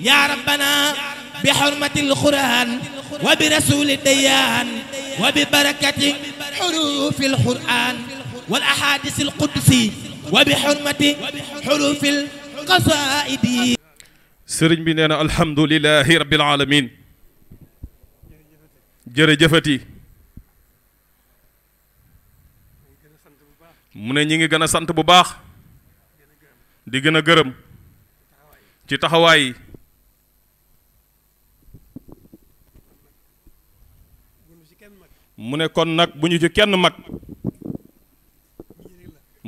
yaa rabbana bi xurmatil quraan wa bi rasuuli dayaan wa bi barakati xuruufil quraan wal axaadiisil qudsi wa bi xurmati xuruufil qasaa'idi sëriñ bi nee na alhamdulilahi rabbil aalamiin jërëjëfati mu ne ñi ngi gën a sant bu baax di gën a gërëm ci taxawaay mu ne kon nag bu ñu ci kenn mag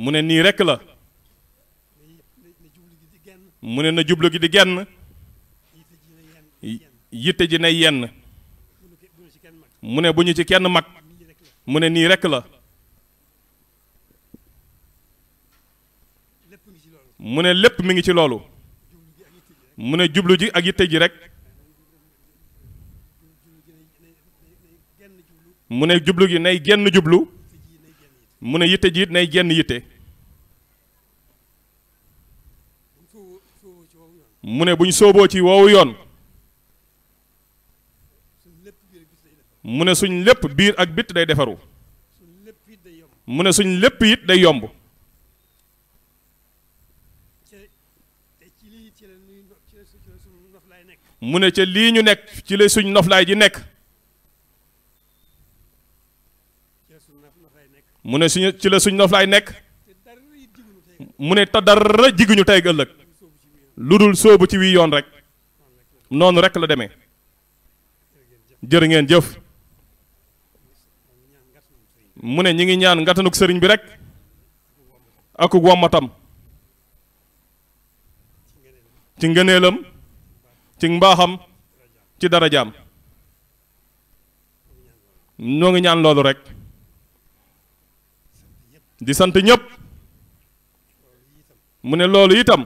mu ne nii rekk la mu ne na jublu gi di genn yitte ji nay yenn mu ne bu ñu ci kenn mag mu ne nii rekk la mu ne lépp mi ngi ci loolu mu ne jublu ji ak yitte ji rek mu ne jublu gi nay genn jublu mu ne yitte ji it nay genn yitte mu ne buñ sooboo ci woowu yoon mu ne suñ lépp biir ak bitt day defaru mu ne suñ lépp it day yomb mu ne ca lii ñu nekk ci la suñ noflaay ji nekk mu ne suñu ci la suñ noflaay nekk mu ne te dara jiguñu tey ëllëg lu dul sóobu ci wii yoon rek noonu rek la demee jërë ngeen jëf mu ne ñu ngi ñaan ngatanuk sëriñ bi rekk ak wommatam ci ngëneelam ci mbaaxam ci darajaam noo ngi ñaan loolu rek di sant ñëpp mu ne loolu itam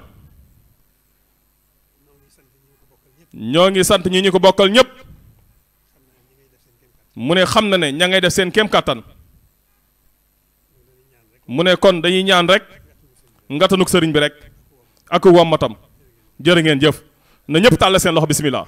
ñoo ngi sant ñi ñu ko bokkal ñëpp mu ne xam na ne ña ngay def seen kéem kàttan mu ne kon dañuy ñaan rek ngatanuk sëriñ bi rek ak wàmmatam jërë ngeen jëf na ñëpp tàll seen loxo bismillah